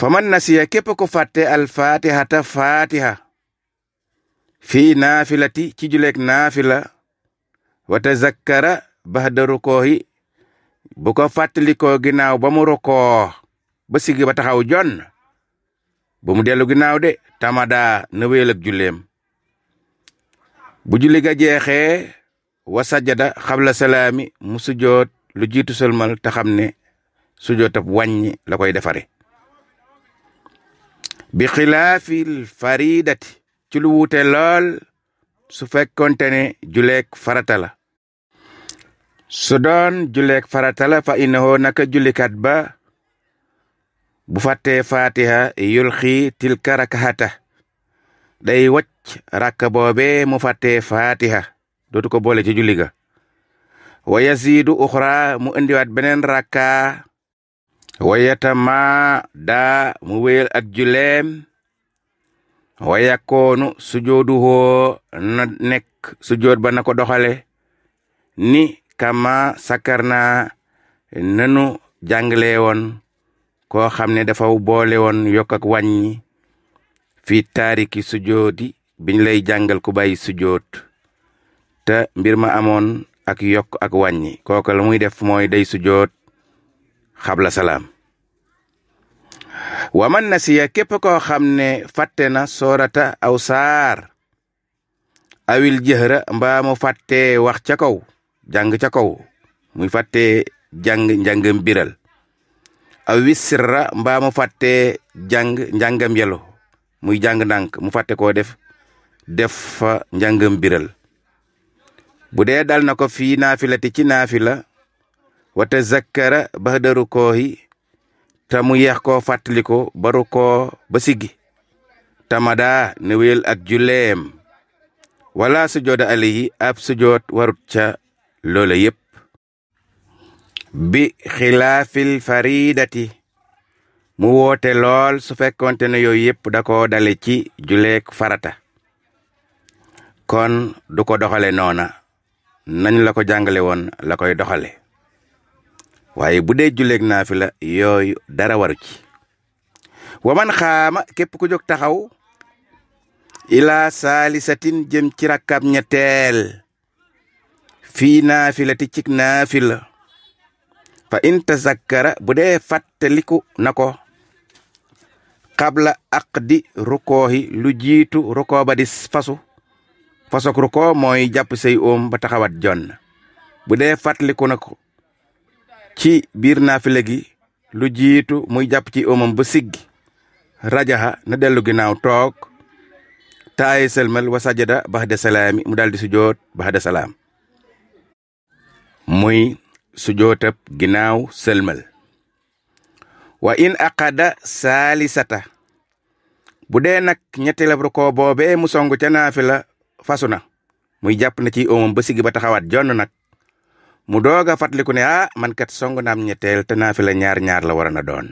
faman nasiya képp ko fàtte alfaatihata faatiha fii naafilati ci juleeg naafila wa tazakkara baxda rukoohi bu ko fàttalikoo ginnaaw ba mu rukoo ba sigi ba taxaw jon bu mu dellu ginnaaw de tamada na wéyal ak bu julli ga jeexee wa sajada xabla salaami mu sujoot lu jiitu sëlmal te xam ne sujootab wàññi la koy defare bi xilaafil faridati ci lu wuute lool su fekkonte ne juleeg farata la su doon juleeg faratala la fa innahoo naka julikat ba bu fàttee fatiha yulxi tilka rakaxata day wacc rakka boobe mu fàttee fatiha dootu ko boole ci julli ga wa yaziidu uxra mu indiwaat beneen rakka wayatamaa daa mu wéyal ak juleem wayakoonu sujooduhoo na nekk sujood ba na ko doxale ni kama sakarna nanu jàngale woon koo xam ne dafa boole woon yokk ak wàññi fii taariki sujoodi biñ lay jàngal ku bàyyi sujood te mbir ma amoon ak yokk ak wàññi kooka la muy def mooy day sujood xabla salaam wa man nasiya képp koo xam ne fàtte na soorata aw saar awil jëhra mbaa mu fàtte wax ca kaw jàng ca kaw muy fàtte jàng njàngam biral awi sirra mbaa mu fàtte jàng njàngam yelo muy jàng ndànk mu fàtte koo def def fa njàngam biral bu dal na ko fii naafilati ci naafila wata zakkara ba da rukkoo yi te mu yeex koo fàttaliko ba rukkoo ba siggi tamada ne wéyal ak julleem wala sujooda alayhi ab sujoot warut ca loola yépp bi xilaafil faridati mu woote lool su fekkonte ne yooyu yépp da ko dale ci juleek farata kon du ko doxale noona nañ la ko jàngale woon la koy doxale waaye bu dee julleeg naafila yooyu dara waru ci wa man xaama képp ku jóg taxaw ilaa saalisatin jëm ci rakkaab ñetteel fii naafilati cik naafila fa in sakkara bu dee fattaliku na ko qabla aqdi rukoohi lu jiitu rukoo ba di fasu fasok rukoo mooy jàpp say oom ba taxawat jonn bu dee fàttaliku na ko ci biir naafile gi lu jiitu muy jàpp ci omam ba siggi rajaxa na dellu ginnaaw toog taaye selmal wa sajada baxda salaami mu daal di sujoot salaam muy sujootab ginnaaw selmal wa in aqada saalisata bu dee nag ñetteelab rukoo boobee mu song ca naafila fasu na muy jàpp na ci omam ba siggi ba taxawaat jonn nag mu doog a fàttaliku ne ah man song naam ñetteel te naa fi la ñaar ñaar la waroon a doon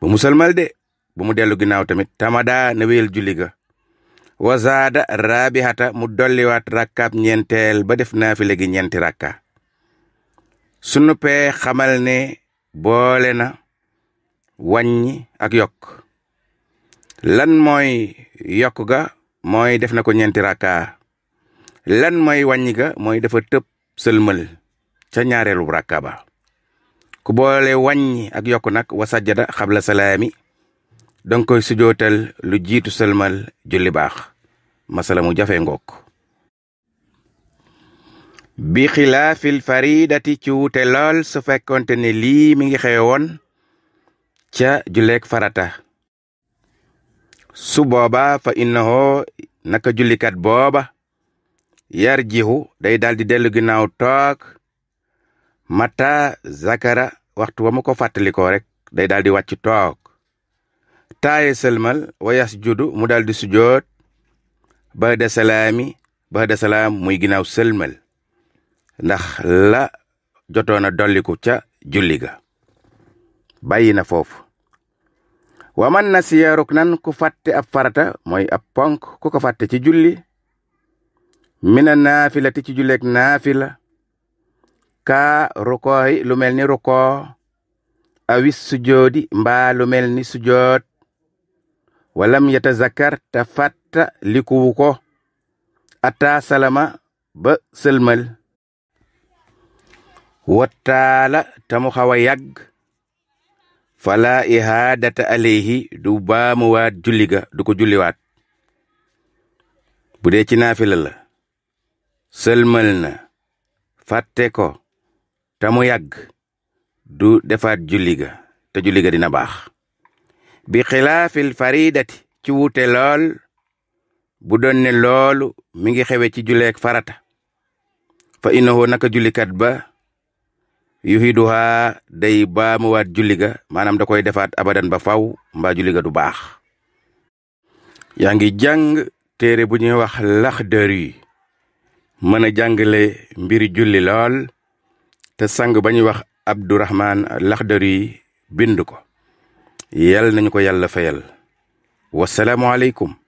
ba mu sëlmal de ba mu dellu ginnaaw tamit tamada ne wéyal julli ga wazaada mu dolliwaat rakkaab ñeenteel ba def naa fi léegi ñeenti rakka sunu pee xamal ne boole na wàññi ak yokk lan mooy yokk ga mooy def na ko ñeenti rakka lan moy wàññi ga mooy dafa tëb sëlmal ca ñaareelu rakka ku boole waññi ak yokk nag wa sajjada xabla salaami danga koy lu jiitu sëlmal julli baax masala mu jafe ngook bi xilaafil faridati ci wute lool su fekkonte ne lii mi ngi xewe woon ca julleeg farata su booba fa innahu naka jullikat booba yar jixu day daldi dellu ginnaaw toog mata zakara waxtu wa mu ko fàttalikoo rek day daldi wàcc toog taaye sëlmal wayas juddu mu daldi sujoot ba da salaami ba da muy ginnaaw sëlmal ndax la jotoon a dolliku ca julli ga bàyyi na foofu wa man na siya ruknan ku fàtte ab farata mooy ab ponk ku ko fàtte ci julli mina naafila ti ci julleeg naafila kaa rukooy lu mel ni rukoo awis sujoodi mbaa lu mel ni sujood walam yatazakkar te fàtta likuwu ko ataa salama ba sëlmal wattaala ta mu xaw a yàgg fala ihaadata alayhi du baamuwaat julli du ko julliwaat bu dee ci naafila la sëlmal na fàtte ko te mu yàgg du defaat julli ga te julli dina baax bi xilaafil faridati ci wuute lool bu donne loolu mi ngi xewe ci julleek farata fa innahu naka jullikat ba yuhiduha day baamuwaat julli ga maanaam da koy defaat abadan ba faw mbaa julli du baax yaa ngi jàng téere bu ñuy wax Laxdari mën a jàngale mbiri julli lool te sang ba ñuy wax abdourahman laxdari bind ko yal nañu ko yàlla fayal wasalaamualeykum